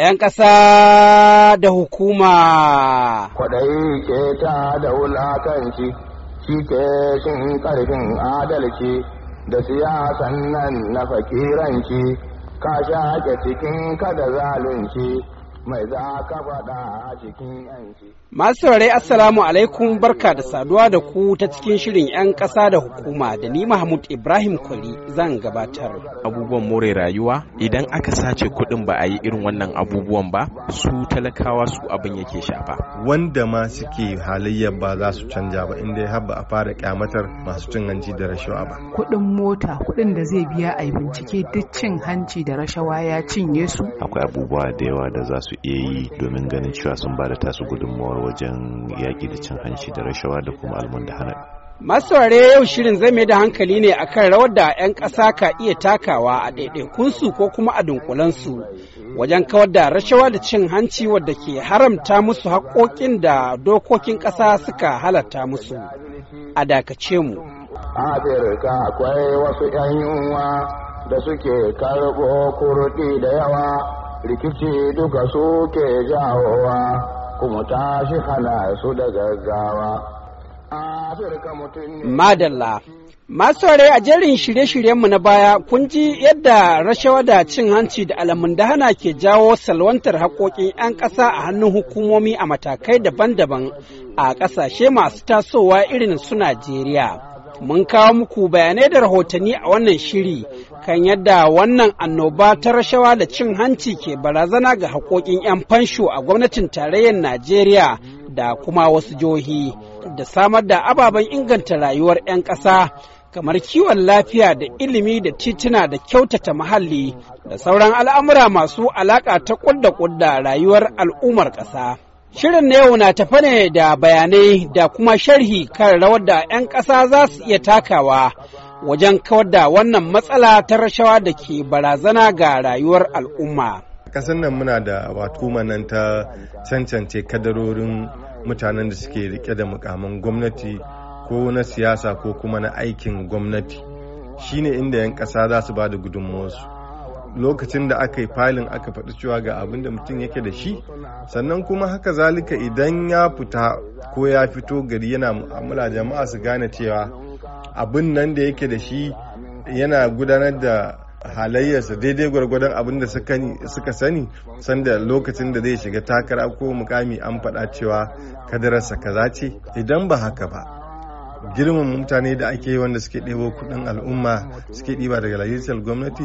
‘yan ƙasa da hukuma. Kwaɗayi ke ta da wulakanci, shi ke shin ƙarfin adalci da siyasan nan na fakiranci, ka shaƙe cikin kada zalunci. mai Masu saurari Assalamu alaikum barka da saduwa da ku ta cikin shirin 'yan ƙasa da hukuma da ni Mahmud Ibrahim Kwali zan gabatar. Abubuwan more rayuwa idan aka sace kuɗin ba a yi irin wannan abubuwan ba su talakawa su abin yake shafa. Wanda ma suke halayyar ba za su canja ba inda har ba a fara kyamatar masu cin hanci da rashawa ba. Kuɗin mota kuɗin da zai biya a yi bincike duk cin hanci da rashawa ya cinye su. Akwai abubuwa da yawa da za su su iya yi domin ganin cewa sun ba da tasu gudunmawar wajen yaƙi da cin hanci da rashawa da kuma da almundahana masaurare yau shirin zai mai da hankali ne akan rawar da 'yan ƙasa ka iya takawa a ɗaiɗaikunsu ko kuma a dunkulensu wajen kawar da rashawa da cin hanci wadda ke haramta musu haƙoƙin da dokokin ƙasa suka halatta musu a dakace mu afirka akwai wasu 'yan yunwa da suke karɓo kurɗi da yawa rikici duka suke jawowa kuma shi hana su da gaggawa. Madalla. Masu a jerin shirye-shiryenmu na baya kun ji yadda rashawa da cin hanci da hana ke jawo salwantar haƙoƙin 'yan ƙasa a hannun hukumomi a matakai daban-daban a ƙasashe masu tasowa irin su Najeriya. Mun kawo muku bayanai da rahotanni a wannan shiri kan yadda wannan annoba ta rashawa da cin hanci ke barazana ga haƙoƙin 'yan fansho a gwamnatin tarayyar Najeriya da kuma wasu jihohi da samar da ababen inganta rayuwar 'yan ƙasa kamar kiwon lafiya da ilimi da tituna da kyautata muhalli da sauran al'amura masu alaƙa ta ƙudda ƙudda rayuwar al'ummar ƙasa. Shirin na yau na tafa ne da bayanai da kuma sharhi kan rawar da 'yan ƙasa za su iya takawa wajen kawar da wannan matsala ta rashawa da ke barazana ga rayuwar al'umma. ƙasar nan muna da wato nan ta cancance kadarorin mutanen da suke rike da mukamin gwamnati ko na siyasa ko kuma na aikin gwamnati shine inda 'yan ƙasa za su ba da gudunmuwarsu. lokacin da aka yi filin aka faɗi cewa ga abin da mutum yake da shi sannan kuma haka zalika idan ya fita ko ya fito gari yana mu'amala jama'a su gane cewa abin nan da yake da shi yana gudanar da halayyarsa daidai gwargwadon abin da suka sani sanda lokacin da zai shiga takara ko mukami an faɗa cewa kadararsa kaza ce idan ba haka ba girman mutane da ake yi wanda suke ɗebo kuɗin al'umma suke ɗiba daga lalisar gwamnati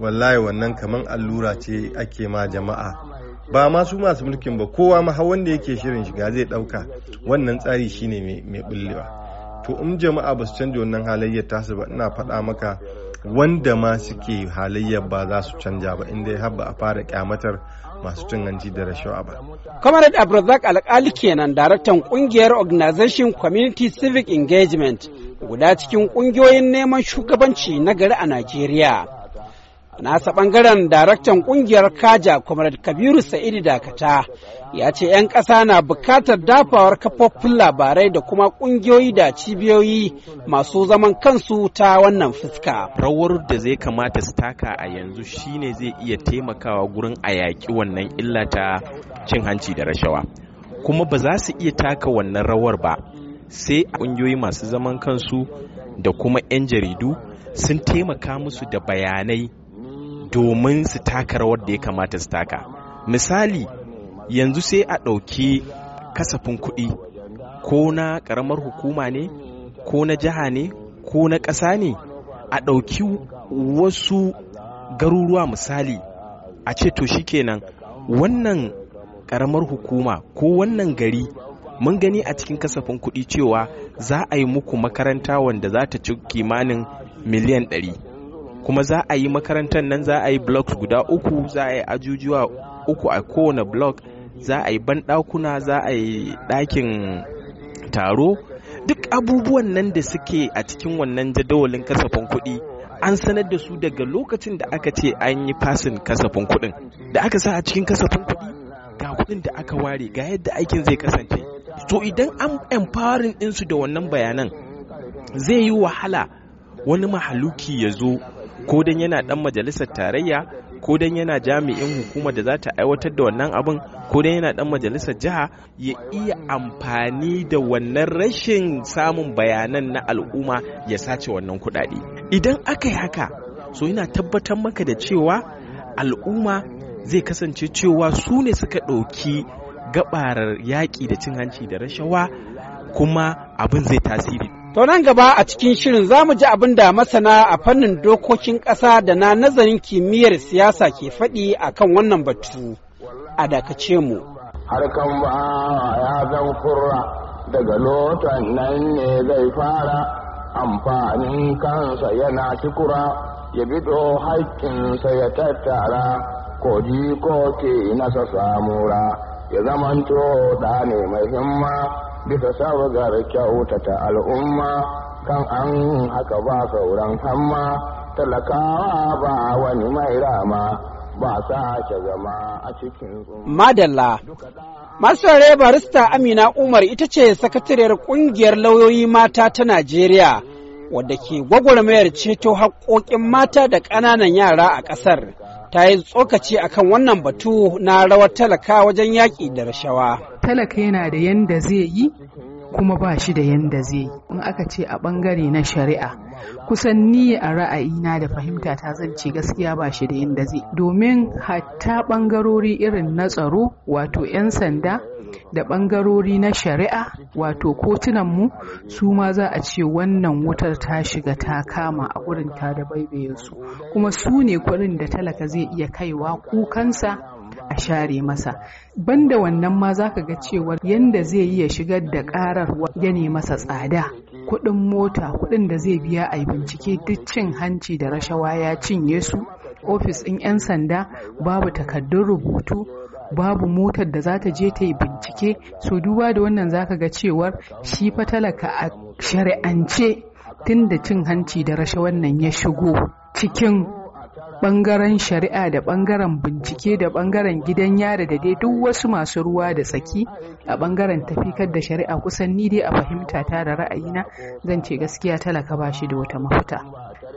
wallahi wannan kamar allura ce ake ma jama'a ba ma su masu mulkin ba kowa ma hawan da yake shirin shiga zai ɗauka wannan tsari shine mai bullewa to in jama'a ba su canja wannan halayyar tasu ba ina faɗa maka wanda ma suke halayyar ba za su canja ba inda ya haɓa a fara kyamatar masu cin hanci da rashawa ba. Comrade Abrazak Alkali kenan daraktan ƙungiyar Organization Community Civic Engagement guda cikin ƙungiyoyin neman shugabanci na gari a Najeriya. nasa bangaren daraktan kungiyar kaja comrade kabiru sa'idu dakata ya ce 'yan ƙasa na bukatar dafawar kafofin labarai da kuma ƙungiyoyi da cibiyoyi masu zaman kansu ta wannan fuska rawar da zai kamata su taka a yanzu shine zai iya taimakawa gurin a yaƙi wannan illa ta cin hanci da rashawa kuma ba za su iya taka wannan rawar ba sai ƙungiyoyi masu zaman kansu da kuma 'yan jaridu sun taimaka musu da bayanai domin su taka rawar da ya kamata su taka misali yanzu sai a ɗauki kasafin kuɗi ko na ƙaramar hukuma ne ko na jiha ne ko na ƙasa ne a ɗauki wasu garuruwa misali a ce to shikenan wannan ƙaramar hukuma ko wannan gari mun gani a cikin kasafin kuɗi cewa za a yi muku makaranta wanda za ta ci kimanin miliyan ɗari kuma za a yi makarantar nan za a yi blocks guda uku za a yi ajujuwa uku a kowane block za a yi banɗakuna za a yi ɗakin taro duk abubuwan nan da suke a cikin wannan jadawalin kasafin kuɗi an sanar da su daga lokacin da aka ce an yi fasin kasafin kuɗin da aka sa a cikin kasafin kuɗi ga kuɗin da aka ware ga yadda aikin zai kasance to idan an empowering ɗinsu da wannan bayanan zai yi wahala wani mahaluki ya zo ko dan yana dan majalisar tarayya ko dan yana jami'in hukuma da za ta aiwatar da wannan abin ko dan yana dan majalisar jiha ya iya amfani da wannan rashin samun bayanan na al'umma ya sace wannan kuɗaɗe idan aka yi haka so yana tabbatar maka da cewa al'umma zai kasance cewa su ne suka ɗauki gabarar yaƙi da cin hanci da rashawa kuma abin zai tasiri To nan gaba a cikin shirin za mu ji abin da masana a fannin dokokin ƙasa da na nazarin kimiyyar siyasa ke faɗi a kan wannan batu a dakace mu. Harkan ba ya zan kurra daga lotan nan ne zai fara amfanin kansa yana cikura ya bido haƙƙinsa ya tattara ko ji ko ke nasa samura ya zamanto da ne mai himma bisa gara kyautata al'umma kan an haka ba sauran hamma talakawa ba wani mai rama ba sake zama a cikin madalla masu yare barista amina umar ita ce sakatariyar kungiyar lauyoyi mata ta najeriya wadda ke gwagwarmayar ceto haƙoƙin mata da ƙananan yara a ƙasar ta yi tsokaci akan wannan batu na rawar talaka wajen yaƙi da rashawa. talaka yana da yanda zai yi kuma ba shi da yanda zai yi in aka ce a ɓangare na shari'a kusan ni a ra'ayina da fahimta ta ce gaskiya ba shi da yanda zai domin hatta bangarori irin na tsaro wato 'yan sanda da bangarori na shari'a wato kotunanmu su ma za a ce wannan wutar ta shiga ta kama a gurin ta da baibayensu kuma su ne kwarin da talaka zai iya kaiwa kukansa a share masa banda wannan ma zaka ga cewar yanda zai yi shigar da karar ya ne masa tsada kuɗin mota kuɗin da zai biya a bincike duk cin hanci da rashawa ya cinye su ofis ɗin 'yan sanda babu takardun rubutu babu motar da za ta je ta yi bincike so duba da wannan zaka ga cewar shi fa a shari'ance tun da cin hanci da rashawan nan ya shigo cikin ɓangaren shari'a da ɓangaren bincike da ɓangaren gidan yari da dai duk wasu masu ruwa da tsaki a ɓangaren tafikar da shari'a kusan ni dai a fahimta ta da ra'ayina zan ce gaskiya talaka ba shi da wata mafita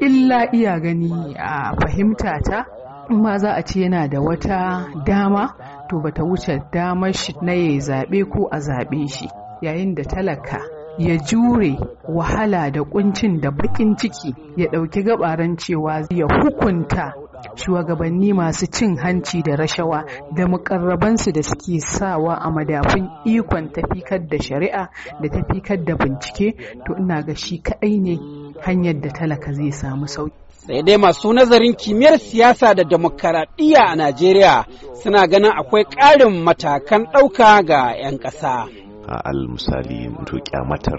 illa iya gani a fahimta ta ma za a ce yana da wata dama to bata wuce damar shi na ya zaɓe ko a zaɓe shi yayin da talaka ya jure wahala da kuncin da bakin ciki ya ɗauki gabaran cewa ya hukunta shugabanni masu cin hanci da rashawa da mukarrabansu da suke sawa a madafun ikon tafikar da shari'a da tafikar da bincike to ina ga shi kaɗai ne hanyar da talaka zai samu sauki sai dai masu nazarin kimiyyar siyasa da demokaradiyya a najeriya suna ganin akwai ƙarin matakan ɗauka ga 'yan ƙasa al misali to kyamatar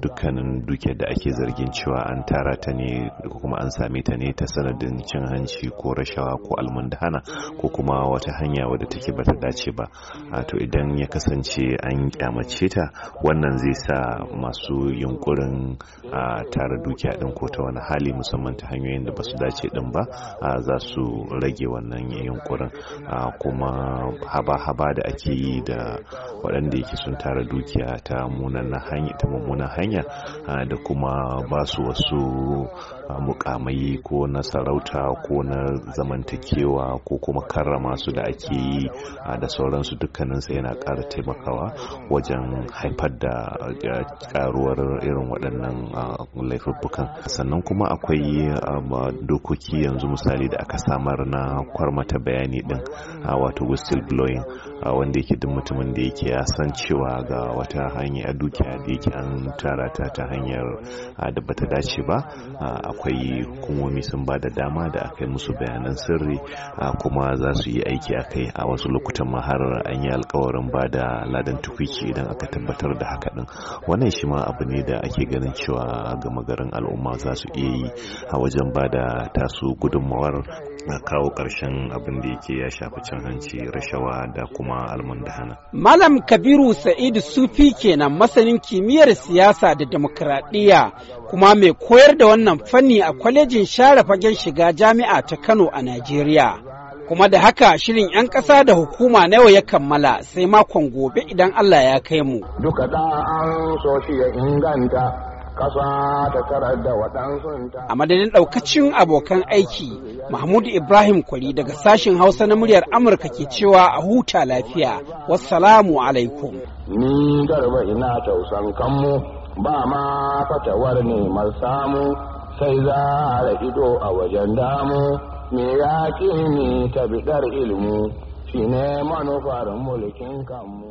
dukkanin duke da ake zargin cewa an tara ta ne kuma an same ta ne ta sanadin cin hanci ko rashawa ko almundahana ko kuma wata hanya wadda take bata dace ba to idan ya kasance an kyamace ta wannan zai sa masu yunkurin a tara dukiya din ko ta wani hali musamman ta hanyoyin da basu dace din ba za su rage wannan yunkurin kuma haba-haba da ake yi da waɗanda yake sun tara dukiya ta mummuna hanya mummunan hanya da kuma ba su wasu mukamai ko na sarauta ko na zamantakewa ko kuma karrama su da ake yi da sauransu dukkaninsa yana ƙara taimakawa wajen haifar da karuwar irin waɗannan laifuffukan sannan kuma akwai dokoki yanzu misali da aka samar na kwarmata bayani din wato whistle blowing wanda yake duk mutumin da yake ya san cewa ga Wata wata hanyar dukiya da yake an tara ta ta hanyar da bata dace ba akwai hukumomi sun ba da dama da aka yi musu bayanan sirri kuma za su yi aiki a kai a wasu lokutan ma har an yi alkawarin ba da ladan tukwici idan aka tabbatar da haka din wannan shi ma abu ne da ake ganin cewa gama garin al'umma za su iya yi a wajen ba da tasu gudunmawar a kawo ƙarshen abin da yake ya shafi cin hanci rashawa da kuma almundahana. Malam Kabiru Sa'idu sufi kenan masanin kimiyyar siyasa da demokradiyya kuma mai koyar da wannan fanni a kwalejin share fagen shiga jami'a ta Kano a Najeriya. Kuma da haka shirin 'yan ƙasa da hukuma na yau ya kammala sai makon gobe idan Allah ya kai mu. Duka A madadin ɗaukacin abokan aiki, Mahmud Ibrahim Kwari daga sashen Hausa na muryar Amurka ke cewa a huta lafiya. Wassalamu alaikum. Ni garba ina tausan kanmu ba ma fatawar neman samu sai za a ido a wajen damu. Me ya ni ta bidar ilmu shi ne manufar mulkin kanmu.